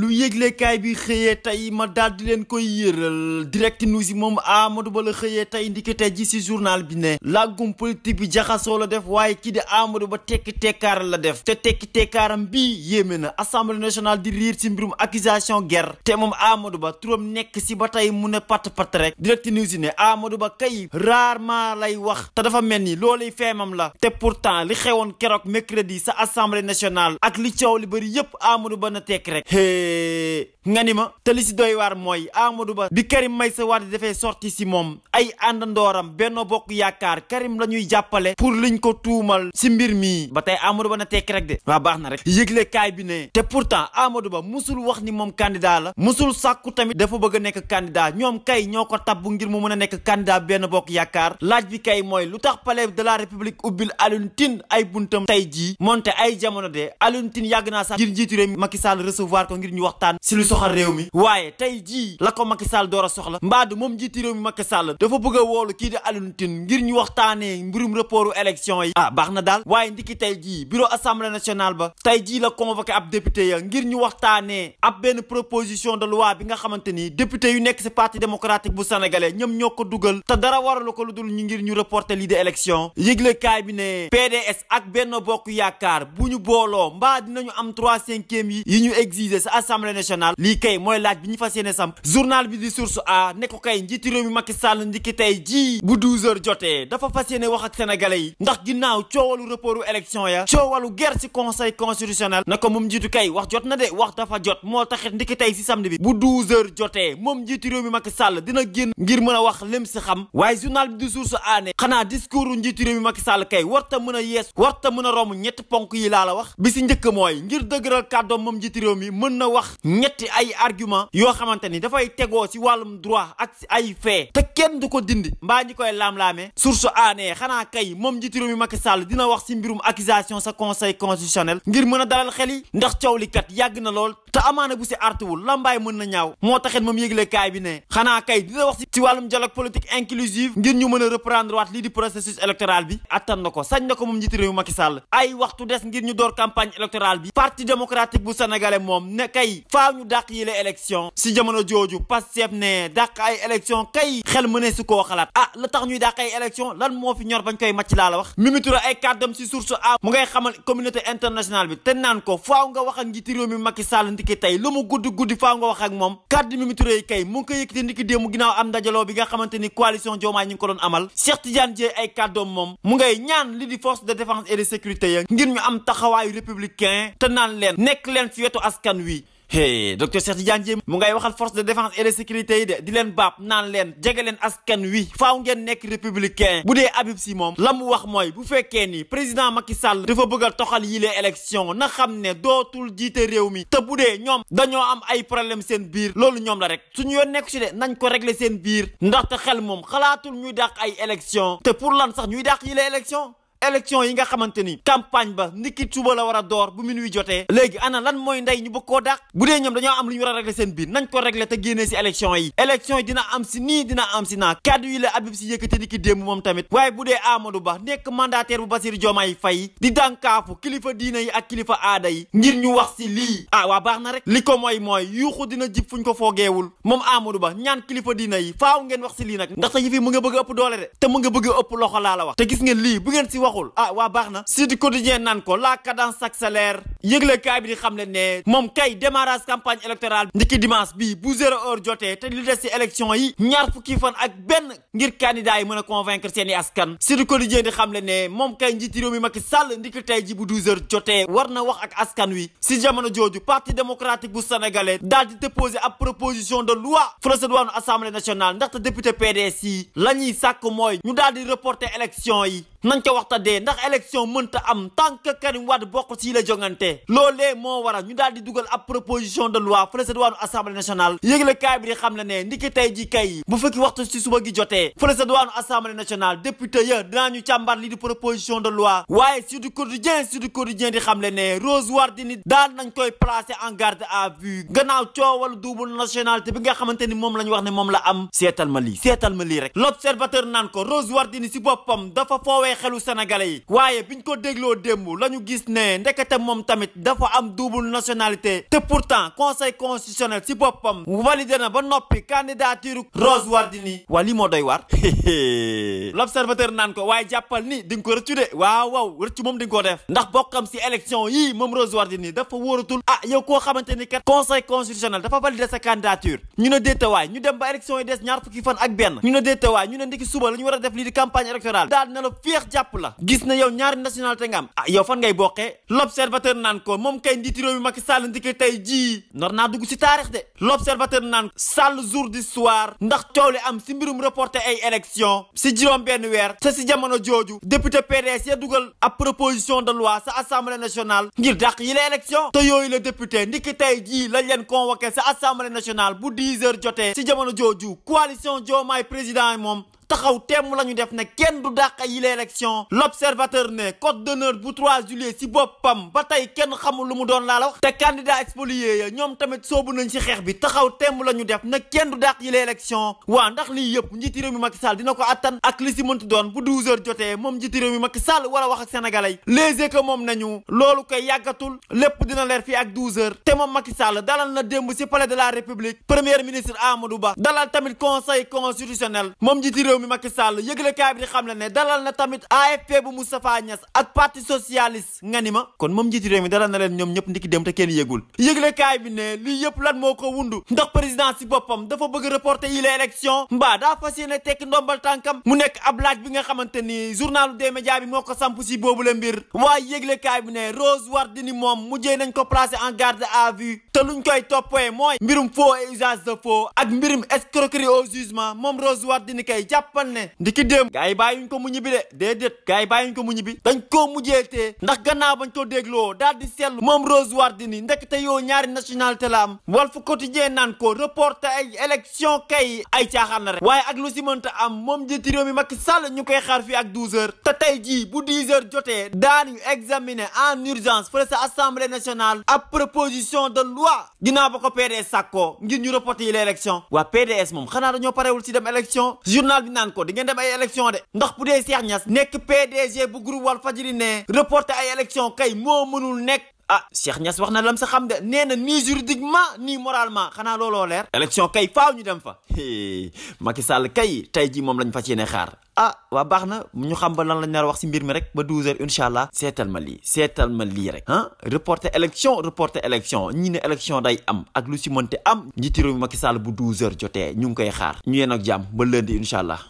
lu yéglekaay bi xëyee tey ma daal di leen koy yëral direct news yi moom Amadou Ba la xëyee tey ndikite ji ci journal bi ne làggum politique bi jaxasoo la def waaye kii di Amadou Ba tekki tekkaaral la def te tekki tekkaaram bi yéeme na assemblée nationale di riir ci mbirum accusation guerre te moom Amadou Ba turam nekk ci ba tey mu ne pat pat rek direct news yi ne Amadou Ba kay rarement lay wax te dafa mel ni looluy feemam la te pourtant li xewoon keroog mercredi sa assemblée nationale ak li coow li bëri yépp Amadou Ba na tekk rek nga ni ma te li si doy waar mooy Amadou Ba bi Karim Meïssa Wade dafay sorti si moom ay àndandooram Benno Bokk Yaakaar Karim la ñuy jàppale pour liñ ko tuumal si mbir mi ba tey Amadou Ba na tekk rek de waa baax na rek yëgle kaay bi ne te pourtant Amadou Ba musul wax ni moom candidat la musul sàkku tamit dafa bëgg a nekk candidat ñoom kay ñoo ko tabb ngir mu mën a nekk candidat Benno Bokk Yaakaar laaj bi kay mooy lu tax palais de la République ubbil Alioune Tine ay buntam tey jii moonte ay jamono de Alioune Tine yàgg ñu waxtaan si lu soxal réew mi waaye tey jii la ko Macky Sall door a soxla mbaadu moom jiiti réew mi Macky Sall dafa bëgg a woolu kii di Alioune ngir ñu waxtaanee mbirum reportu élection yi ah baax na daal waaye ndiki tey jii bureau assemblée nationale ba tey jii la convoqué ab député ya ngir ñu waxtaanee ab benn proposition de loi bi nga xamante ni député yu nekk si parti démocratique bu sénégalais ñoom ñoo ko dugal te dara waralu ko lu dul ñu ngir ñu reporter lii di élection bi ne PDS ak Benno Bokk Yaakaar bu ñu assemblée nationale lii kay mooy laaj bi ñu fas yéene sam journal bi di source a ne ko kay njiitu réew mi Macky Sall ndiki tey jii bu 12h jotee dafa fas yéene wax ak sénégalais yi ndax ginnaaw coowalu reportu élection ya coowalu guerre ci conseil constitutionnel na ko moom njiitu kay wax jot na de wax dafa jot moo taxit ndiki tey si samedi bi bu 12h jotee moom njiitu réew mi Macky Sall dina génn ngir mën a wax lim si xam waaye journal bi di source a ne xanaa discours njiitu réew mi Macky Sall kay warta mën a yees warta mën a romb ñetti ponk yi laa la wax bi si njëkk mooy ngir dëgëral kàddoom moom njiitu réew mën na wax ñetti ay argument yoo xamante dafay tegoo si wàllum droit ak si ay fee te kenn du ko dindi mbaa ñi koy laam-laamee source aanee xanaa kay moom njiitu réew mi Macky Sall dina wax si mbirum accusation sa conseil ngir mën a dalal xel ndax coow li kat yàgg na lool te amaana bu si artuwul lambaay mën na ñaaw moo taxit moom yëgle kaay bi ne xanaa kay dina wax si wàllum dialogue politique inclusive ngir ñu mën a reprendre waat lii di processus électoral bi attan na ko sañ na ko moom njiitu réew mi Macky Sall ay waxtu des ngir ñu door campagne électorale bi parti démocratique bu sénégalais moom kay faaw ñu dàq yile élection si jamono jooju Pastef ne dàq ay élection kay xel mu ne si koo xalaat a ah la tax ñuy dàq ay élection lan moo fi ñor bañ koy màcc laa la wax Mimi Touré ay kàddam si source a mu ngay xamal communauté internationale bi te naan ko faaw nga wax ak njiitu réew mi Macky Sall ndiki tey lu mu guddi guddi faaw nga wax ak moom kàddu Mimi Touré kay mu ngi koy yëkkati ndiki démb ginnaaw am ndajaloo bi nga xamante ni coalition Diomaye ñu ngi ko doon amal Cheikh Tidiane ay kàddoom moom mu ngay ñaan li di force de défense et de sécurité ya ngir ñu am taxawaayu républicain te naan leen nekk leen fi wetu askan wi hey docteur Cheikh Tidiane Dièye mu ngay waxal force de défense et de sécurité yi de di leen baab naan leen jege leen askan wi faaw ngeen nekk républicain bu dee Habib Sy moom la mu wax mooy bu fekkee ni président Macky Sall dafa bëgg a toxal yile élection na xam ne dootul jiite réew mi te bu dee ñoom dañoo am ay problème seen biir loolu ñoom la rek ñu yoon nekk si de nañ ko régler seen biir ndaxte xel moom xalaatul ñuy dàq ay élection te pour lan sax ñuy dàq yile élection yi nga xamante ni campagne ba niki suba la war a door bu minuit jotee léegi ana lan mooy ndey ñu bëgg koo dàq bu dee ñoom dañoo am lu ñu war a régler seen biir nañ ko régler te génnee si élection yi élection yi dina am si nii dina am si naa kaddu yi la Habib si yëkkate niki démb moom tamit waaye bu dee Amadou Ba nekk mandataire bu Bassirou Diomaye Faye di dànkaafu kilifa diina yi ak kilifa aada yi ngir ñu wax si lii ah waa baax na rek li ko mooy mooy yuuxu dina jib fuñ ko foogeewul moom Amadou Ba ñaan kilifa diina yi faaw ngeen yi fi mu nga wax te gis ngeen lii bu ngeen si waxul ah waa baax na Sud Quotidien naan ko la cadence s'accélère yëgle kaay bi di xam ne moom kay démarrage campagne électorale ndiki dimanche bi bu zéro heure jotee te li des élection yi ñaar fukki fan ak benn ngir candidat yi mën a convaincre seen i askan si du quotidien di xam ne moom kay njiiti réew mi Macky Sall ndiki tey ji bu douze heures jotee war na wax ak askan wi si jamono jooju parti démocratique bu sénégalais daal di déposer ab proposition de loi procédure assemblée nationale ndaxte député PDS la ñuy sàkk mooy ñu daal di reporter élection yi nañ ca waxta dee ndax élection mënta am tant que Karim Wade bokk la jongante jotee loolee moo waral ñu daal di dugal ab proposition de loi fële sa diwaanu nationale yëgle kaay bi di le ne ndiki tey ji kay bu fekki waxtu si suba gi jotee fële sa diwaanu assemblée nationale député ya dinañu càmbar lii di proposition de loi waaye Sud Quotidien Sud Quotidien di xam le ne Rose Wardini daal nañ koy placer en garde à vue gannaaw coowal double nationalité bi nga xamante ni moom la ñu wax ne moom la am seetal ma lii seetal ma lii rek l'observateur naan ko Rose Wardini si tamit dafa am double nationalité te pourtant conseil constitutionnel si boppam validé na ba noppi candidature Rose Wardini waa moo doy waar l'observateur naan ko waaye jàppal ni di nga ko rëccu de waaw waaw rëccu moom di nga ko def ndax bokkam si élection yii moom Rose Wardini dafa wóoratul ah yow koo xamante ni kat conseil constitutionnel dafa validé sa candidature ñu ne déetawaay ñu dem ba élection yi des ñaar fukki fan ak benn ñu na la féex jàpp na naan ko moom kay njiiti réew mi Macky Sall tey jii nor naa dugg si taarix de l'observateur naan Sall jour d'histoire ndax coow li am si mbirum reporté ay élection si juróom benn weer te si jamono jooju député PDS ya dugal ab proposition de loi sa assemblée nationale ngir dàq yi la élection yooyu la député ndiki tey jii lañ leen convoqué sa assemblée nationale bu 10 heures jotee si jamono jooju coalition Diomaye président moom taxaw temm la ñu def ne kenn du dàq yi l'élection l'observateur ne code d'honneur bu 3 juillet si boppam ba tey kenn xamul lu mu doon laa la wax te candidat spoliés ya ñoom tamit soobu nañ si xeex bi taxaw temm la ñu def na kenn du dàq yi l'élection waa ndax lii yëpp njiiti réew mi Macky Sall dina ko attan ak li si mënti doon bu 12 heures jotee moom njiiti réew mi Macky Sall war a wax ak sénégalais les échos moom nañu loolu koy yàggatul lépp dina leer fii ak 12 heures te moom Macky Sall dalal na démb si palais de la république premier ministre Amadou Ba dalal tamit conseil réew mi Macky Sall yëglekaay bi di xam le ne dalal na tamit AFP bu Moustapha Niass ak parti socialiste nga ni ma kon moom njiiti réew mi dalal na leen ñoom ñëpp ndiki mu nekk ab laaj bi nga xamante ni journalu des moo ko samp si boobu la mbir waaye yëglekaay bi ne Rose Wardini moom mujjee nañ ko placé en garde à vue te luñ koy toppee mooy mbirum faux et usage de faux ak mbirum escroquerie au jugement moom Rose Wardini kay jàpp jàppan ne ndiki déem gars yi bàyyiñ ko mu ñibbi de déedéet gars yi bàyyiñ ko mu ñibbi dañ koo mujjeetee ndax gannaaw bañ ko dégloo daal di seetlu moom Rose Wardini ndekete yoo ñaari national la am wal Walf Quotidien naan ko reporter ay élection kay ay caaxaan la rek waaye ak lu si mënta am moom njiitu réew mi Macky Sall ñu koy xaar fii ak douze heures te tey jii bu dix heures jotee daañu examiner en urgence fële sa assemblée nationale ab proposition de loi ginnaaw ba ko PDS sàkkoo ngir ñu reporter yi l'élection waa PDS moom xanaa dañoo parewul si dem élection naan ko di ngeen dem ay élection de ndax bu dee Cheikh Niass nekk PDG bu groupe Walfadjri ne reporter ay élection kay moo mënul nekk ah Cheikh Niass wax na lam sa xam de nee na nii juridiquement nii moralement xanaa looloo leer. élection kay faaw ñu dem fa. Macky Sall kay tey jii moom lañ fas yéene xaar. a ah, waa baax na ñu xam ba lan lañ nar wax si mbir mi rek ba 12h incha allah. seetal ma lii seetal ma lii rek. ah reporter élection reporter élection ñi ne élection day am ak lu si mënte am. njiitu réew mi Macky bu 12h jotee ñu ngi koy xaar. ñu yéen ak jàmm ba lundi incha allah.